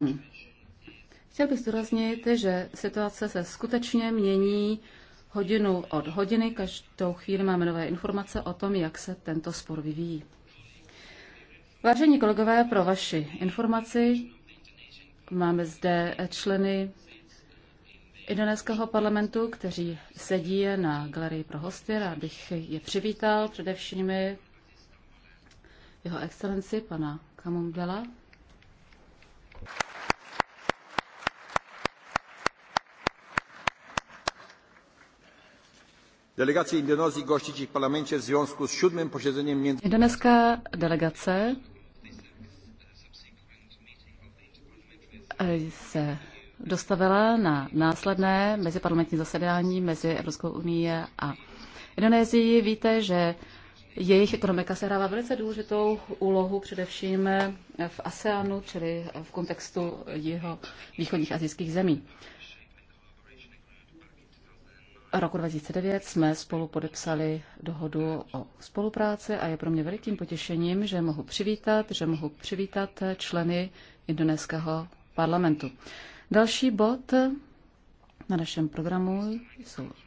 Hm. Chtěl bych zdůraznit, že situace se skutečně mění hodinu od hodiny. Každou chvíli máme nové informace o tom, jak se tento spor vyvíjí. Vážení kolegové, pro vaši informaci máme zde členy indonéského parlamentu, kteří sedí na galerii pro hosty. Rád bych je přivítal, především jeho excelenci pana Kamundela. Delegace związku posiedzeniem między... delegace se dostavila na následné meziparlamentní zasedání mezi Evropskou unii a Indonésií. Víte, že jejich ekonomika se hrává velice důležitou úlohu především v ASEANu, čili v kontextu jeho východních azijských zemí roku 2009 jsme spolu podepsali dohodu o spolupráci a je pro mě velikým potěšením, že mohu přivítat, že mohu přivítat členy indonéského parlamentu. Další bod na našem programu jsou